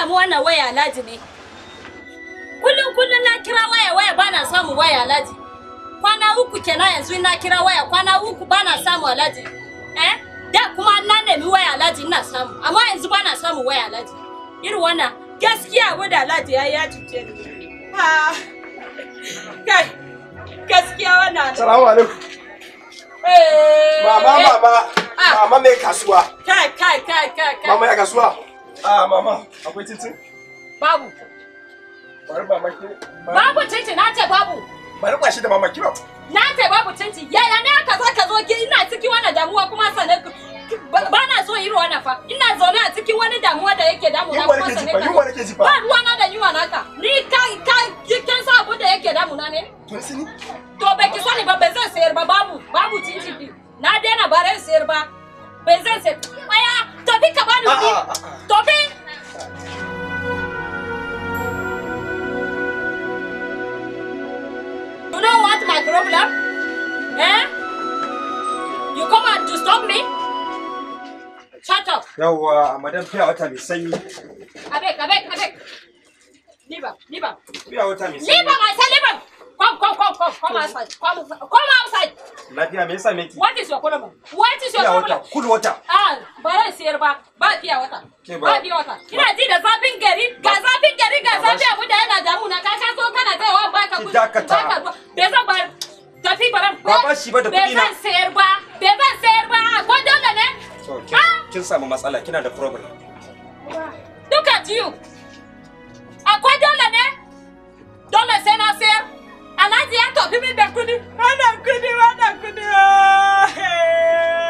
samu wannan waya alhaji ne kullum kullum na kira waya waya bana samu waya alhaji kwana uku kenan yanzu na kira waya kwana uku bana samu alhaji eh da kuma na nemi waya alhaji ina samu amma yanzu bana samu waya alhaji irin wannan gaskiya wanda alhaji ya ya cuce ni ha ah. kai gaskiya wannan assalamu alaikum eh. Mama, mama, ah. mama mai kasuwa. Kai, kai, kai, kai, kai. Mama ya kasuwa. a ah, mama, akwai cincin? Babu. Bari mama ki. Babu cincin, na ce babu. Bari ba shi da mama ki Na ce babu cincin. Yaya ne aka za ka zo ki ina ciki wannan damuwa kuma sanar ba na so irin wannan fa. Ina zaune a cikin wani damuwa da yake damu na kuma sanar ka. Yunwa nake ji Ba ruwa na da yunwa naka. Ni ka ka kin sa abin da yake damu na ne? Kun sani? To ba ki sani ba ba zan sayar ba babu. Babu cincin din. Na dena ba ran sayar ba. Ba zan sayar. kwaya tofi ka bani kuɗi tofi You know what my problem? Eh? You come and me? Shut up. Yawwa, madam fiya wata mai sanyi. Abeg, abeg, abeg. Liba, liba. Liba, liba. Come, come, come, come, come outside. Come, come outside. Lafiya me What is your problem? What is your problem? cool water. Ah, ba siyar ba ba biya wata ba biya wata kina ji da zafin gari ga zafin gari ga zafin abu da yana damu na ka so kana tsayawa ba ka kudi ba bai zan ba tafi baran ba ba shi ba da kudi na bai zan siyar ba zan siyar ba ko dole ne ah! kin samu matsala kina da problem look at you akwai ah, dole ne dole sai na siyar alhaji ya tafi min da kudi wannan kudi wannan kudi eh!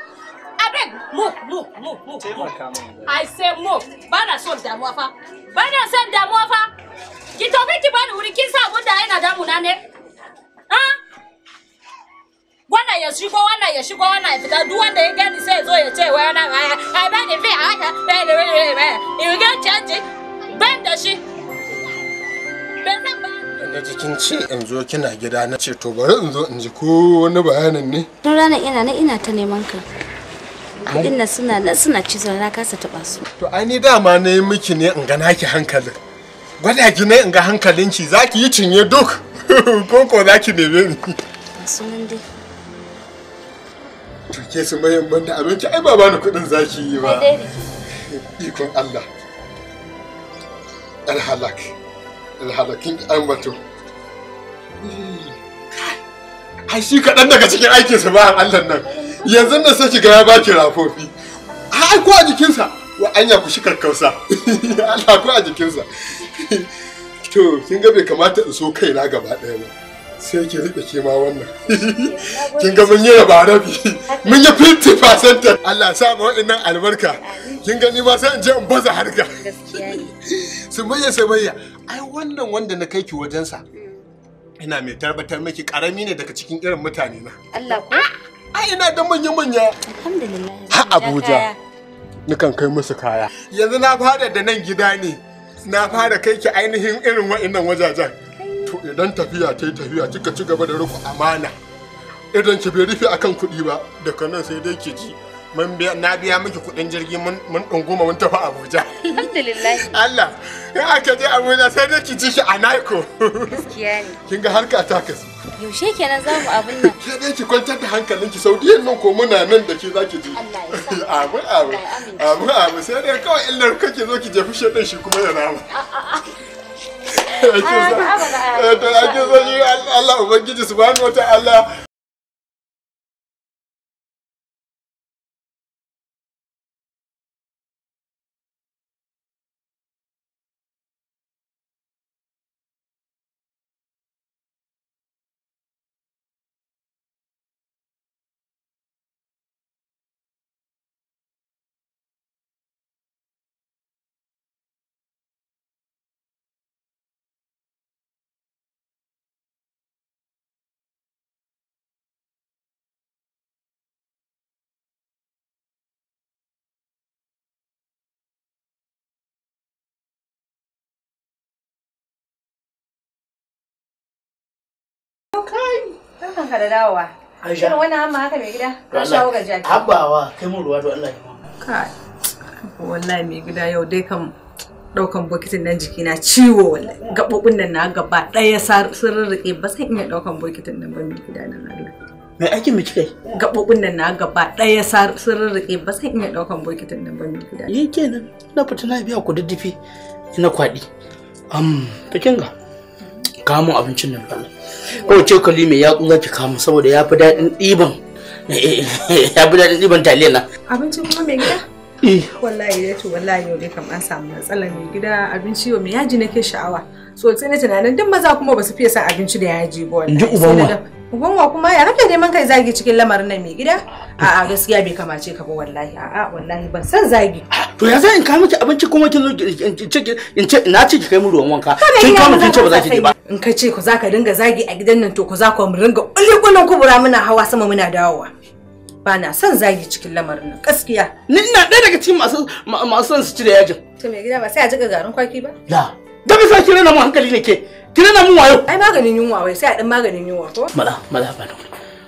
break move move move move i say move bana son damuwa fa bana son damuwa fa ki tafi ki bani wuri kin sa abun da yana damuna ne ah wannan ya shigo wannan ya shigo wannan ya fita duk wanda ya gani sai zo ya ce wai na ai ba ni fi haka da ni ba ba you get change ban da shi ban san ba na jikin ce in zo kina gida na ce to bari in zo in ji ko wani bayanin ne don ranar ina na ina ta neman ka kuɗin nan suna nan suna cizo na kasa taɓa su to ai ni dama ne miki ne in ga naki hankalin gwada ki ne in ga hankalinki za ki yi cinye duk ko ko za ki ne ni sunan dai to ke su mayan banda abinci ai ba bani kuɗin za ki yi ba ikon Allah alhalak alhalakin an bato ai shi kaɗan daga cikin aikinsa ba Allah nan yanzu na sai kiga ya baki rafofi ai ko a jikinsa wa anya ku shi karkausa Allah ko a jikinsa to kin ga bai kamata in so kaina gaba daya ba sai ki rike ke ma wannan kin ga mun yi raba rabi mun yi 50% Allah sa ma wadannan albarka kin ga ni ba sai in je in baza harka sumayya sumayya ai wannan wanda na kai ki wajensa mm. ina mai tabbatar miki karami ne daga cikin irin mutane na Allah ku ai ina da manya-manya ha abuja nukan kai musu kaya yanzu na fara da nan gida ne na fara kai ki ainihin irin wa'innan wajajen to idan tafiya ta yi tafiya kika ci gaba da riko amana idan ki bai rufe akan kuɗi ba daga nan sai dai ki ji mun biya na biya miki kuɗin jirgi mun goma mun tafi Abuja. Alhamdulillah. Allah ya aka je Abuja sai dai ki ji shi a Naiko. Gaskiya ne. Kin ga harka ta kasu. Yaushe kenan za mu abin nan? Ke dai ki kwantar da hankalinki Saudiyan nan ko muna nan da ke za ki ji. Allah ya sa. amin amin Abu abu sai dai kawai illar kake zo ki jefi shedan shi kuma ya rama. Ake so shi eh, Allah Ubangiji subhanahu wa ta'ala barkan ka da aisha irin wannan amma haka mai gida ka shawo ga jaki habawa kai mun ruwa to Allah ya kai wallahi mai gida yau dai kam daukan bokitin nan jikina ciwo wallahi gabobin nan na gaba ɗaya sun rurrike ba san iya daukan bokitin nan ba mai gida nan Allah mai aikin mu kika yi nan na gaba ɗaya sun rurrike ba san iya daukan bokitin nan ba mai gida yi kenan na fita na biya ku duddufi na kwadi am to kinga kawo abincin nan Allah kawai cokali mai yatsu zaki kama saboda ya fi daɗin ɗiban ya fi daɗin ɗiban taliya na Abincin kuma mai gida eh. wallahi ya to wallahi yau dai kam an samu matsala mai gida abinci yau mai yaji nake sha'awa so sai na tunanin duk maza kuma ba su fiye son abinci da yaji ba wallahi Gunwa kuma ya kake neman kai zagi cikin lamarin nan mai gida? A'a gaskiya bai kamace ka ba wallahi. A'a wallahi ban san zagi. To ya zan in kawo miki abinci kuma kin zo in ce na ce ki kai mu ruwan wanka. Kin kama miki ce ba za ki je ba. In ka ce ku za ka dinga zagi a gidan nan to ku za ku mu dinga kullun kubura muna hawa sama muna dawowa. Ba na son zagi cikin lamarin nan gaskiya. Ni ina ɗaya daga cikin masu masu son su ci da yajin. To mai gida ba sai a jiƙa garin kwaki ba? Da. Da bisa kire na mu hankali ne ke. Ki na mun wayo. Ai maganin yunwa wai sai a dan maganin yunwa ko? Mala mala ba ni.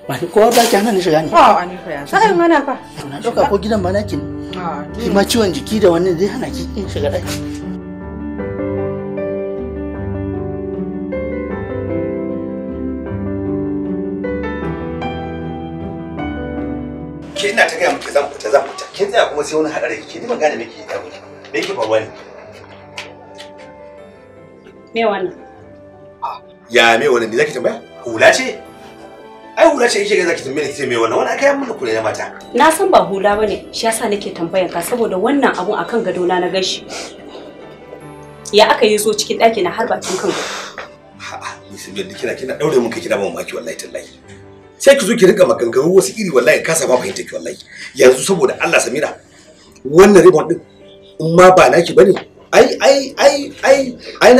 Ba ni kowa ba ki hana ni shiga ne. A ni fa ya. Sai mana fa. Na doka ko gidan ba naki ne. A. Ki ma ciwon jiki da wannan zai hana ki shiga daki. ke ina ta gaya miki zan fita zan fita kin tsaya kuma sai wani hadari kike ni ban gane me kike yi me yake faruwa ne me wannan ya me wannan ne zaki tambaya hula ce ai hula ce yake ga zaki tambaye ki me wannan wannan kayan mulku kula na mata na san ba hula bane shi yasa nake tambayan ka saboda wannan abun akan gado na na gashi ya aka yi zo cikin ɗaki na har bakin kan a'a ni sai da kina kina daure mun kai kina mu maki wallahi tallahi sai ki zo ki rika maganganu wasu iri wallahi ka saba fahimta ki wallahi yanzu saboda Allah Samira wannan ribon din in ma ba naki bane ai ai ai ai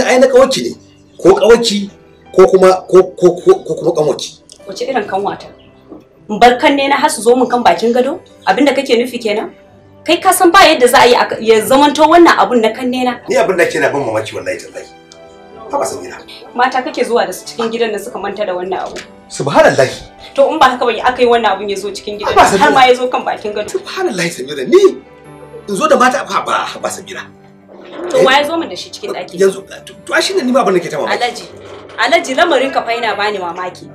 ai na kawaki ne ko kawaki ko kuma ko ko ko kuma kanwaci wace irin kanwata in bar kan ne na hasu zo mun kan bakin gado abinda kake nufi kenan kai ka san ba yadda za a yi ya zamanto wannan abun na kan nena. ni abin da ke na ban mamaki wallahi tallahi taba san gida mata kake zuwa da su cikin gidan da suka manta da wannan abu subhanallahi to in ba haka ba aka wannan abun ya zo cikin gidan har ma ya zo kan bakin gado subhanallahi samira ni in zo da mata ba ba ba samira to wa eh? ya zo mun da shi cikin daki yanzu to a shine ni ba abin da ke ta mamaki alhaji Alhaji lamarin ka fa yana bani mamaki.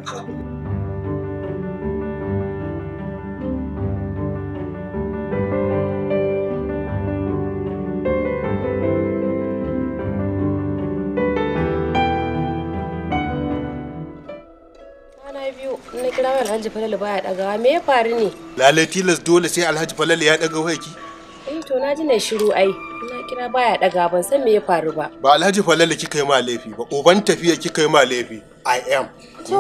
na kira alhaji falalu baya dagawa me ya faru ne lalai tilas dole sai alhaji falalu ya daga waya ki eh to na ji na shiru ai na kina baya daga ban san me ya faru ba. Ba Alhaji Falala kika yi ma laifi ba, uban tafiya kika yi ma laifi. I am.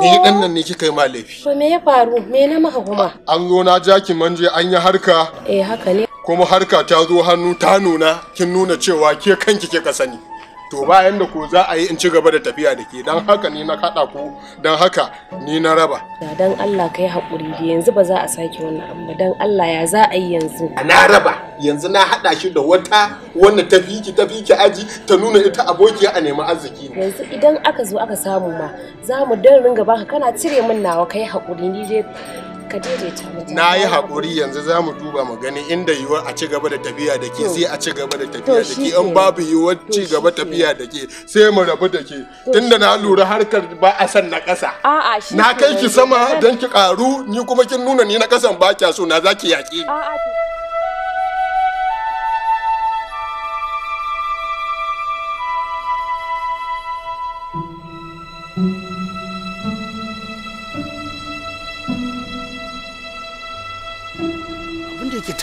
Ni dan nan ne kika yi ma laifi. To me ya faru? Me na maka kuma? An zo na jaki manje an yi harka. Eh haka ne. Kuma harka ta zo hannu ta nuna kin nuna cewa ke kanki kika sani. to bayan da ko za a yi in ci gaba da tafiya da ke don haka ni na kaɗa ko don haka ni na raba. Da don Allah ka yi haƙuri da yanzu ba za a sake wannan abu don Allah ya za a yi yanzu. Na raba yanzu na haɗa shi da wata wanda ta fiki ta fiki aji ta nuna ita abokiya a neman arziki. Yanzu idan aka zo aka samu ma za mu don ringa baka kana cire min nawa ka yi haƙuri ni dai na yi haƙuri yanzu zamu duba mu gani inda yiwuwar a ci gaba da tafiya dake sai a ci gaba da tafiya da ke in babu yiwuwar ci gaba tafiya da sai mu rabu da ke tunda na lura harkar ba a san na ƙasa na kai ki sama don ki ƙaru ni kuma kin nuna ni na ƙasan ba kya so na za ki yaƙi a'a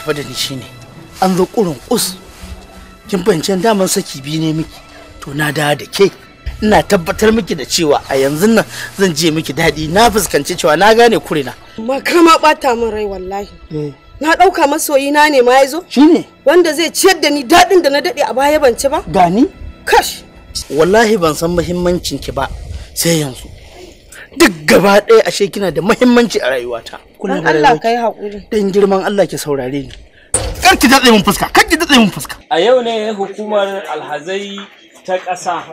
tafi da ni shine an zo kurin us kin fahimci daman saki biyu ne miki to na dawo da ke ina tabbatar miki da cewa a yanzu nan zan je miki daɗi na fuskanci cewa na gane kurina ma kama bata min rai wallahi eh. na ɗauka masoyina ne ma ya zo shine wanda zai ciyar da ni daɗin da na daɗe a baya ban ci ba gani kash wallahi ban san muhimmancin ki ba sai yanzu duk gaba ɗaya ashe kina da muhimmanci a rayuwata kullum Allah kai haƙuri dan girman Allah ki saurare ni kar ki datse mun fuska kar ki datse mun fuska a yau ne hukumar alhazai ta ƙasa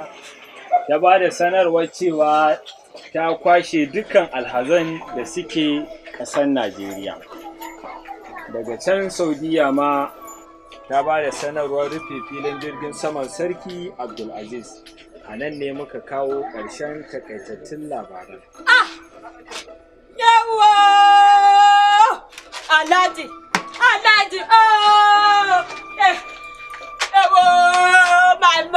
ta ba da sanarwar cewa ta kwashe dukkan alhazan da suke ƙasar Najeriya daga can Saudiya ma ta ba da sanarwar rufe filin jirgin saman sarki Abdulaziz a nan ne muka kawo ƙarshen takaitattun labaran. Ah! Yawa! Alhaji! Alhaji! Oh! Eh! Yawa! My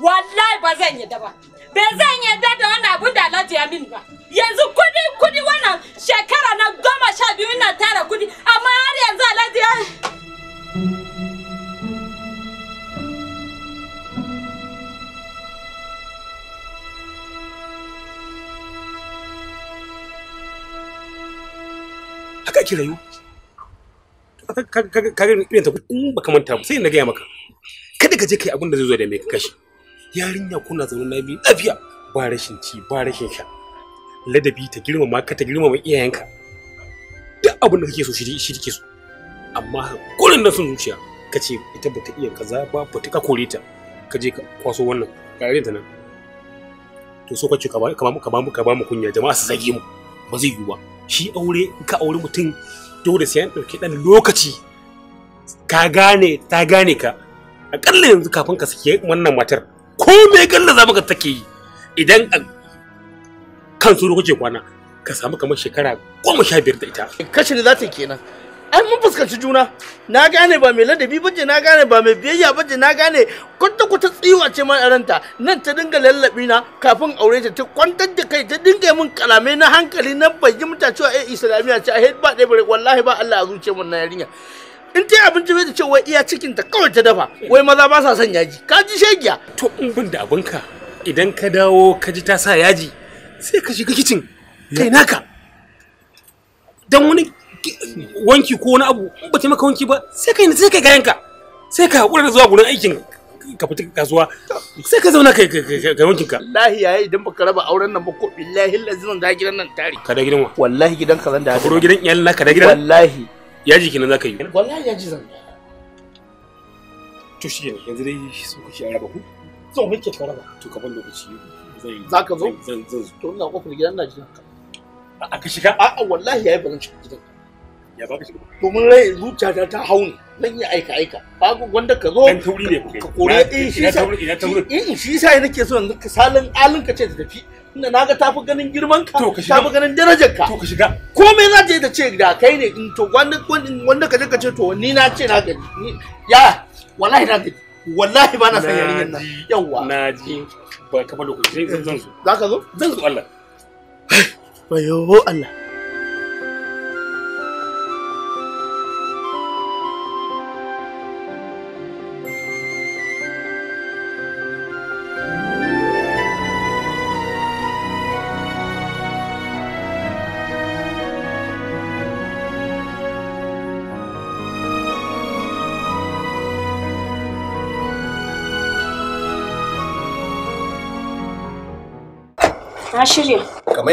wallahi ba zan yadda ba ba zan yadda da wannan abun da alhaji ya ba yanzu kudi kudi wannan shekara na goma sha biyu ina tara kudi amma har yanzu alhaji ya haka ki rayu ka ga irin ta in baka manta sai na gaya maka kada ka je kai abun da zai zo da mai kashi yarinya kuna zaune na biyu lafiya ba rashin ci ba rashin sha ladabi ta girmama ka ta girmama iyayenka duk abin da kake so shi kake so amma kullun na sun zuciya ka ce ita ta iya kaza ba ba ka kore ta ka ka kwaso wannan ga ta nan to so kace ka ba ka ba mu kunya jama'a su zage mu ba zai yiwu ba shi aure ka aure mutum dole sai an ɗan lokaci ka gane ta gane ka akalla yanzu kafin ka sake wannan matar ko me gallaza maka take yi idan kan su kuke kwana ka samu kamar shekara goma sha biyar da ita kashi ne za ta kenan ai mun fuskanci juna na gane ba mai ladabi baje na gane ba mai biyayya baje na gane kwanta kwata tsiwa ce man nan ta dinga lallabi na kafin aure ta ta kwantar da kai ta dinga mun kalamai na hankali na bayyanta cewa ai eh, islamiya ce a ba ɗaya bare wallahi ba Allah a zuciya mun na yarinya in ta abinci bai da ce wai iya cikin ta kawai ta dafa wai maza ba sa son yaji ka ji shegiya to in bin da abinka idan ka dawo ka ji ta sa yaji sai ka shiga kicin kai naka dan wani wanki ko wani abu in ba maka wanki ba sai kai sai kai gayanka sai ka hakura da zuwa gurin aikin ka fita kasuwa sai ka zauna kai ga wankin ka wallahi yayi idan baka raba auren nan ba ko billahi lazin da gidan nan tare ka da gidan wa wallahi gidan ka zan da ka gidan iyalin naka da gidan wallahi yaji kenan zaka yi wallahi yaji zan to shi ne yanzu dai su kuke araba ku zo muke ke karaba to ka ban lokaci zan za ka zo zan zan to ina kofar gidan na jiran ka a ka shiga a'a wallahi yayi barin shiga gidan ya za ka shiga to mun rai zuciya ta hau ne nan yi aika aika ba wanda ka zo dan tauri ne ka kore eh shi sa in eh, shi sa nake so yanzu ka salin alin ka ce da tafi tunda naga tafi ganin girman ka ta ganin darajar ka to ka shiga komai za ta yi ta ce da kai ne in to wanda wanda ka je ka ce to ni na ce na gani ya wallahi na gani wallahi ba na san yarin nan yawa na ji ba kamar lokaci zan zo za ka zo zan zo Allah bayo Allah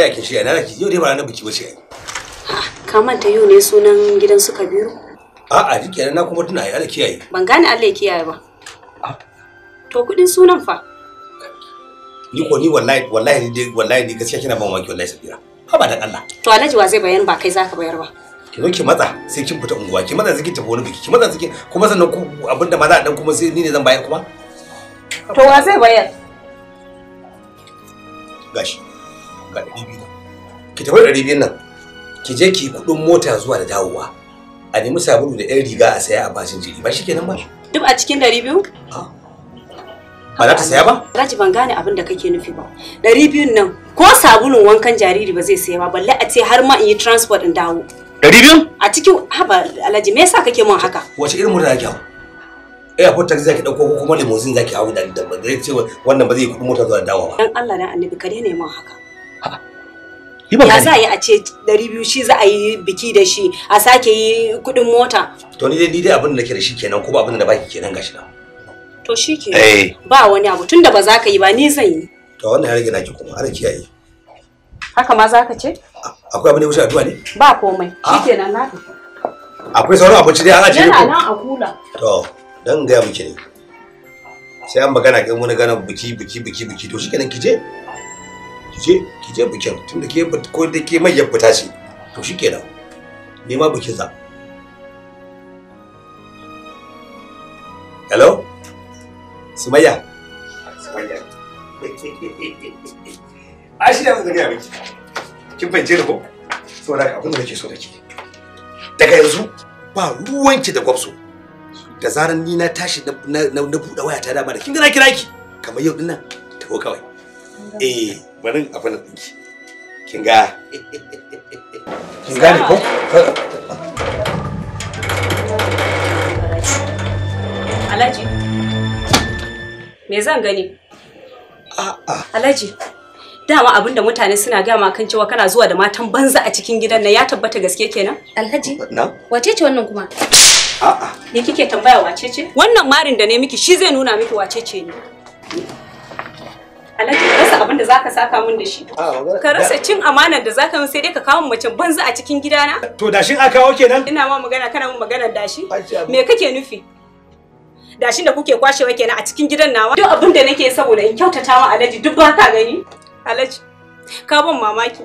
amarya kin shirya na ki yau dai ba ranar biki ba sai ka manta yau ne sunan gidan su Kabiru a'a duk kenan na kuma tuna ya kiyaye ban gane Allah ya kiyaye ba ah. to kudin sunan fa ni ko ni wallahi wallahi ni wallahi ni gaskiya kina ban waki wallahi Safira ha ba da Allah to Alhaji wa zai bayar ba kai zaka bayar ba ki zo ki matsa sai kin fita unguwa ki matsa zaki tafi wani biki ki matsa zaki kuma sannan ku abinda ma za a dan kuma sai ni ne zan bayar kuma to wa zai bayar gashi ga ɗari biyu ki tafi ɗari biyu nan ki je ki kuɗin mota zuwa da dawowa a nemi sabulu da ɗan riga a saya a bashin jiri ba shi kenan ba duk a cikin ɗari biyu ba za ta saya ba Raji ban gane abin da kake nufi ba ɗari biyun nan ko sabulun wankan jariri ba zai saya ba balle a ce har ma in yi transport in dawo ɗari biyun a cikin haba alhaji me yasa kake mun haka wace irin mota kake hawa airport taxi zaki dauko ko kuma limousine zaki hawo da da ba zai ce wannan ba zai kudi mota zuwa dan Allah dan annabi ka daina mun haka ya za a yi a ce 200 shi za a yi biki da shi a sake yi kudin mota to ni dai ni dai abin da ke da shi kenan ko ba abin da baki kenan gashi nan to shi ke eh. ba wani abu tunda ba za ka yi ba ni zan yi to wannan ya rage naki kuma ana kiyaye haka ma za ka ce akwai abin da wuce addu'a ne ba komai shikenan na akwai sauran abinci dai an ajiye ko yana nan a kula to dan ga miki ne sai an magana kai mun gana biki biki biki biki to shikenan je ki je ki je bikin tunda ke ko da ke mai yabba tashi to shikenan ne ma bikin za hello sumayya sumayya a shi da zan gaya miki kin fahimce ni ko saboda abin da nake so da ke daga yanzu ba ruwanki da gwabso da zaran ni na tashi na buɗe waya ta dama da kin gana kira ki kamar yau dinnan taho kawai eh barin a fana ɗinki kin ga kin gane ko Alhaji me zan gani a'a Alhaji dama abinda mutane suna gama ma kan cewa kana zuwa da matan banza a cikin gidan nan ya tabbata gaske kenan Alhaji wace ce wannan kuma a'a me kike tambaya wace ce wannan marin da ne miki shi zai nuna miki wace ce ne Alhaji ka rasa abin da zaka saka min da shi. Ah, ka rasa cin amanar da zaka min sai dai ka kawo mace banza a cikin gidana. To dashin aka kawo kenan? Ina ma magana kana min maganar dashi. Me kake nufi? Dashin da kuke kwashewa kenan a cikin gidan nawa. Duk abin da nake saboda in kyautata ma alaji duk ba ka gani. alaji ka ban mamaki.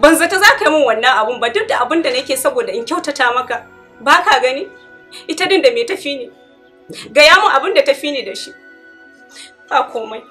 Ban zata za ka yi min wannan abun ba duk da abin da nake saboda in kyautata maka. Ba ka gani? Ita din da me tafi ne? Gaya min abin da tafi ne da shi. Ba komai.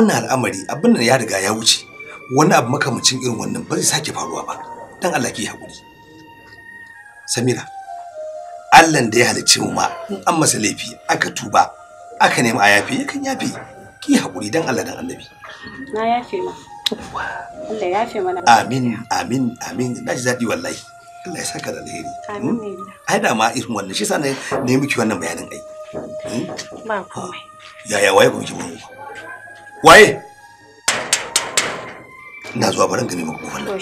wannan al'amari abin nan ya riga ya wuce wani abu makamancin irin wannan ba zai sake faruwa ba dan Allah ki haƙuri Samira Allah da ya halicce mu ma in an masa laifi aka tuba aka nemi a yafe yakan yafe ki haƙuri dan Allah dan annabi na yafe ma Allah ya yafe mana amin amin amin na ji daɗi wallahi Allah ya saka da alheri amin hmm? ai da ma irin wannan shi sa ne miki wannan bayanin ai hmm? ba komai yaya waye kuma ki mu waye ina zuwa barin gani maka kofar nan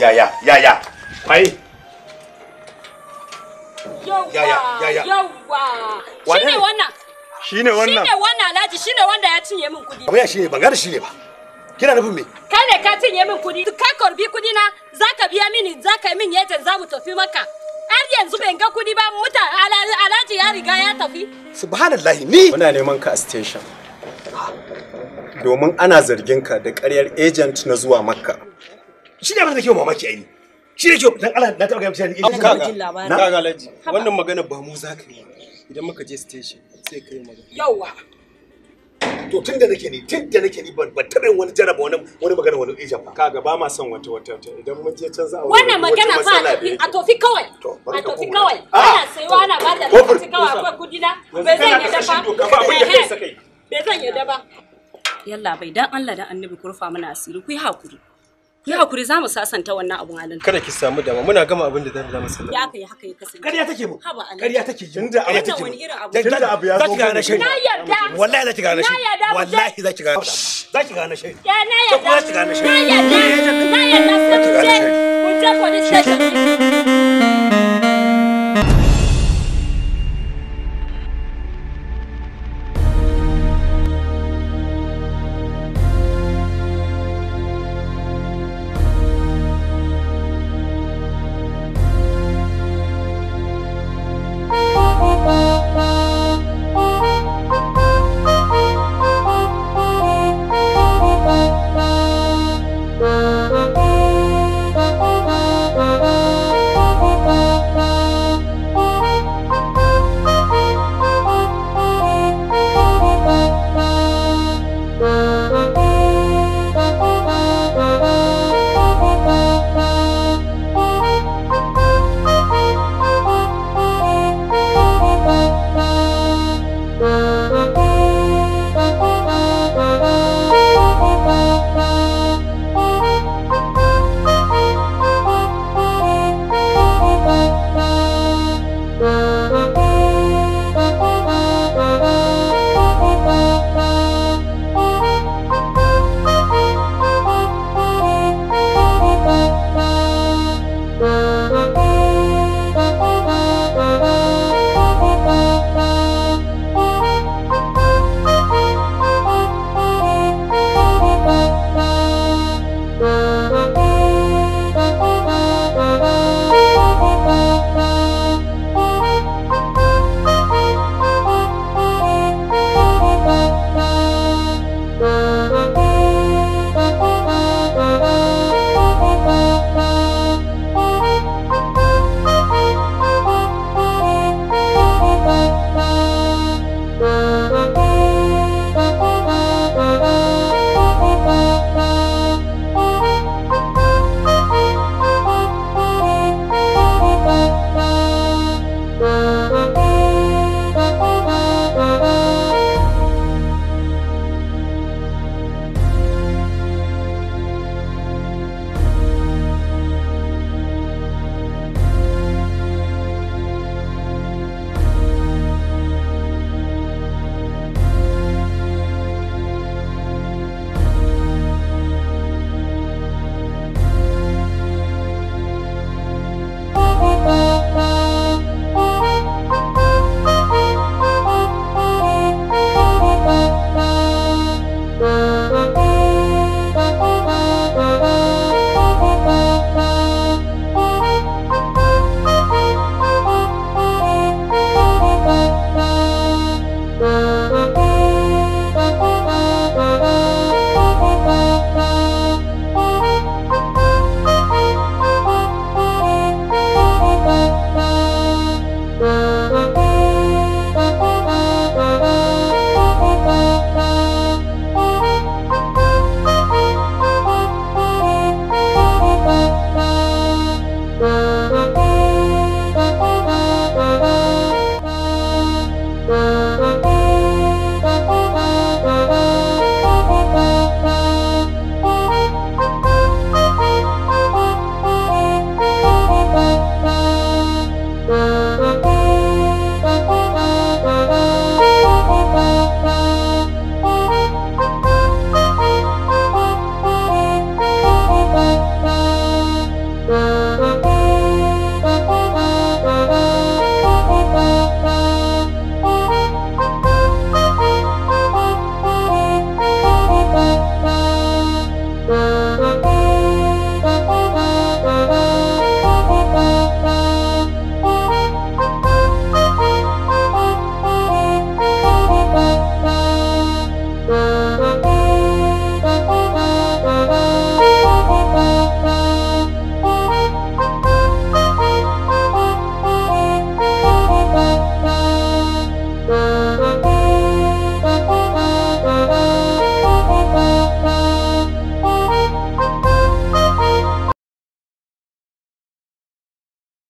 ya ya ya ya waye yawa shine wannan shine wannan shine wannan alhaji shine wanda ya cinye min kudi abaya shine ban gane ne ba kina nufin me kai ne ka cinye min kudi ka karbi kudi na zaka biya mini zaka min yajin mu tafi maka har yanzu ban ga kuɗi ba muta alhaji ya riga ya tafi subhanallahi ni muna neman ka a station domin ana zargin ka da ƙaryar agent na zuwa makka shi ne ba da kyau mamaki ai shi ne kyau dan Allah na taɓa gaya mutane agent na kaga alhaji wannan magana ba mu za ka yi idan muka je station sai kai magana yawa to tun da nake ni tun da nake ni ban taɓa yin wani jaraba wani wani magana wani ija ba kaga ba ma son wata wata idan mun je can za a wannan magana fa a tofi kawai a tofi kawai ah! ana sai ana ba da tofi kawai akwai kudina bai zan yi ba bai zan yi ba yalla bai dan Allah dan annabi kurfa mana asiri ku yi hakuri Yi hakuri za mu sasanta wannan abun halin. Kada ki samu dama muna gama abin da za mu sallama. Ya kai haka ya kasance. Kariya take mu. Kariya take jin da abu take. Tunda abu ya zo. Za ki gane shi. Na yarda. Wallahi za ki gane shi. Wallahi za ki gane. Za ki gane shi. Ya na yarda. Za ki gane shi. Na yarda. Na yarda. Za gane shi. Ku ta police station.